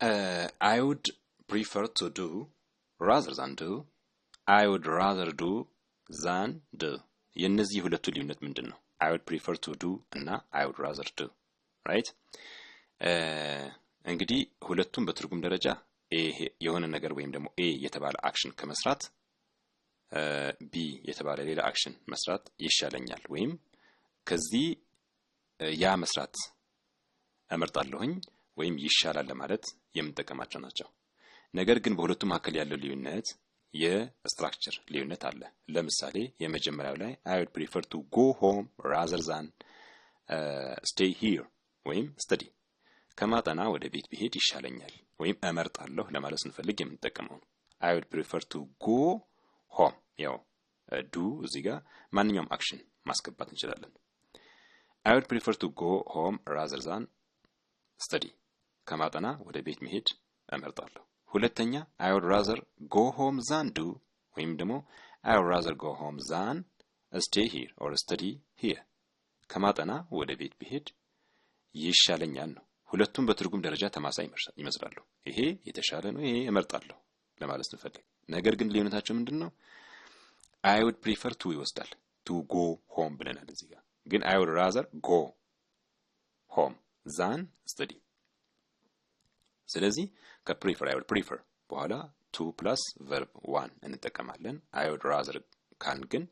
Uh, I would prefer to do rather than do. I would rather do than do. የእነዚህ ሁለቱ ልዩነት ምንድን ነው? I would prefer to do እና I would rather do. right? Uh, እንግዲህ ሁለቱም በትርጉም ደረጃ የሆነ ነገር ወይም ደግሞ ኤ የተባለ አክሽን ከመስራት ቢ የተባለ ሌላ አክሽን መስራት ይሻለኛል ወይም ከዚህ ያ መስራት እመርጣለሁኝ። ወይም ይሻላል ለማለት የምንጠቀማቸው ናቸው። ነገር ግን በሁለቱ መካከል ያለው ልዩነት የስትራክቸር ልዩነት አለ። ለምሳሌ የመጀመሪያው ላይ አይ ውድ ፕሪፈር ቱ ጎ ሆም ራዘር ዛን ስቴይ ሂር ወይም ስተዲ ከማጠና ወደ ቤት ብሄድ ይሻለኛል ወይም እመርጣለሁ ለማለት ስንፈልግ የምንጠቀመው ነው። አይ ውድ ፕሪፈር ቱ ጎ ሆም ያው ዱ እዚህ ጋር ማንኛውም አክሽን ማስገባት እንችላለን። አይ ውድ ፕሪፈር ቱ ጎ ሆም ራዘር ዛን ስተዲ ከማጠና ወደ ቤት መሄድ እመርጣለሁ። ሁለተኛ አይ ውድ ራዘር ጎ ሆም ዛን ዱ ወይም ደግሞ አይ ውድ ራዘር ጎ ሆም ዛን ስቴይ ሂር ኦር ስተዲ ሂር ከማጠና ወደ ቤት ብሄድ ይሻለኛል ነው። ሁለቱም በትርጉም ደረጃ ተማሳይ ይመስላሉ። ይሄ የተሻለ ነው፣ ይሄ እመርጣለሁ ለማለት ስንፈልግ፣ ነገር ግን ልዩነታቸው ምንድን ነው? አይ ውድ ፕሪፈር ቱ ይወስዳል። ቱ ጎ ሆም ብለናል እዚህ ጋር። ግን አይ ውድ ራዘር ጎ ሆም ዛን ስተዲ ስለዚህ ከፕሪፈር አይ ውድ ፕሪፈር በኋላ ቱ ፕላስ ቨርብ ዋን እንጠቀማለን። አይ ውድ ራዘር ካን ግን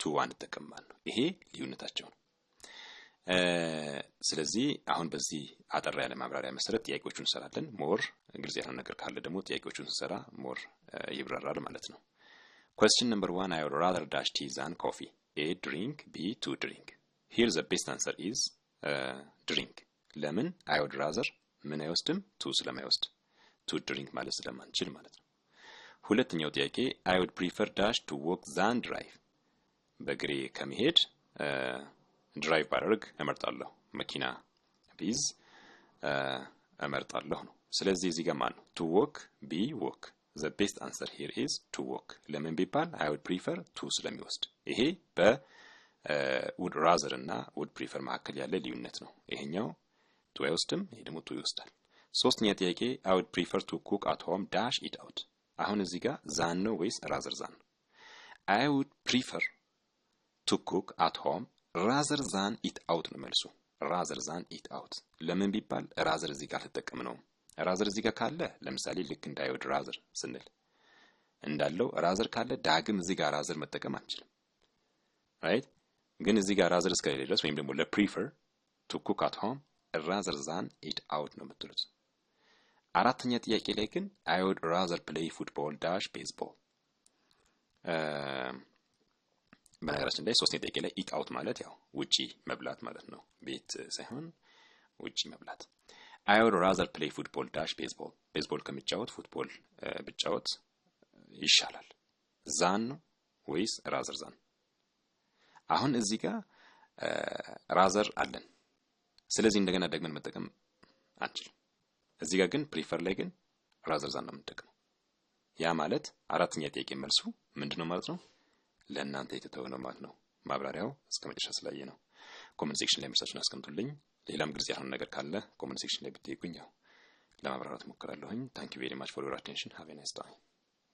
ቱ ዋን እንጠቀማለን። ይሄ ልዩነታቸው ነው። ስለዚህ አሁን በዚህ አጠር ያለ ማብራሪያ መሰረት ጥያቄዎቹን እንሰራለን። ሞር ግልጽ ያልሆነ ነገር ካለ ደግሞ ጥያቄዎቹን ስንሰራ ሞር ይብራራል ማለት ነው። ኮስችን ነምበር ዋን አይ ውድ ራዘር ዳሽ ቲ ዛን ኮፊ ኤ ድሪንክ ቢ ቱ ድሪንክ ሂር ዘ ቤስት አንሰር ኢዝ ድሪንክ። ለምን አይ ውድ ራዘር ምን አይወስድም? ቱ ስለማይወስድ ቱ ድሪንክ ማለት ስለማንችል ማለት ነው። ሁለተኛው ጥያቄ አይ ውድ ፕሪፈር ዳሽ ቱ ዎክ ዛን ድራይቭ፣ በእግሬ ከመሄድ ድራይቭ ባደርግ እመርጣለሁ፣ መኪና ቢዝ እመርጣለሁ ነው። ስለዚህ እዚህ ጋር ማን ነው ቱ ዎክ ቢ ዎክ ዘ ቤስት አንሰር ሂር ኢዝ ቱ ዎክ። ለምን ቢባል አይ ውድ ፕሪፈር ቱ ስለሚወስድ ይሄ በ ውድ ራዘር እና ውድ ፕሪፈር መካከል ያለ ልዩነት ነው። ይሄኛው ቱ አይወስድም። ይሄ ደግሞ ቱ ይወስዳል። ሶስተኛ ጥያቄ አይ ውድ ፕሪፈር ቱ ኩክ አት ሆም ዳሽ ኢት አውት። አሁን እዚህ ጋር ዛን ነው ወይስ ራዘር ዛን ነው? አይ ውድ ፕሪፈር ቱ ኩክ አት ሆም ራዘር ዛን ኢት አውት ነው መልሱ። ራዘር ዛን ኢት አውት ለምን ቢባል ራዘር እዚህ ጋር ተጠቅም ነው። ራዘር እዚህ ጋር ካለ ለምሳሌ ልክ እንደ አይ ውድ ራዘር ስንል እንዳለው ራዘር ካለ ዳግም እዚህ ጋር ራዘር መጠቀም አንችልም። ራይት ግን እዚህ ጋር ራዘር እስከሌለ ድረስ ወይም ደግሞ ለፕሪፈር ቱ ኩክ አት ሆም rather than eat out ነው የምትሉት። አራተኛ ጥያቄ ላይ ግን አይ ውድ ራዘር ፕሌይ ፉትቦል ዳሽ ቤዝቦል። በነገራችን ላይ ሶስተኛ ጥያቄ ላይ ኢት አውት ማለት ያው ውጪ መብላት ማለት ነው፣ ቤት ሳይሆን ውጪ መብላት። አይ ውድ ራዘር ፕሌይ ፉትቦል ዳሽ baseball። ቤዝቦል ከምጫወት ፉትቦል ብጫወት ይሻላል። ዛን ነው ወይስ ራዘር ዛን? አሁን እዚህ ጋር ራዘር አለን ስለዚህ እንደገና ደግመን መጠቀም አንችልም። እዚህ ጋር ግን ፕሪፈር ላይ ግን ራዘር ዛን ነው የምንጠቀመው። ያ ማለት አራተኛ ጥያቄ መልሱ ምንድነው ማለት ነው ለእናንተ የተተወ ነው ማለት ነው። ማብራሪያው እስከ መጨረሻ ስላየ ነው። ኮመንት ሴክሽን ላይ መልሳችሁን አስቀምጡልኝ። ሌላም ግልጽ ያልሆነ ነገር ካለ ኮመንት ሴክሽን ላይ ብትይቁኝ ያው ለማብራራት ሞክራለሁኝ። ታንክ ዩ ቬሪ ማች ፎር አቴንሽን ሃቭ ኤ ናይስ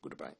ጉድ ባይ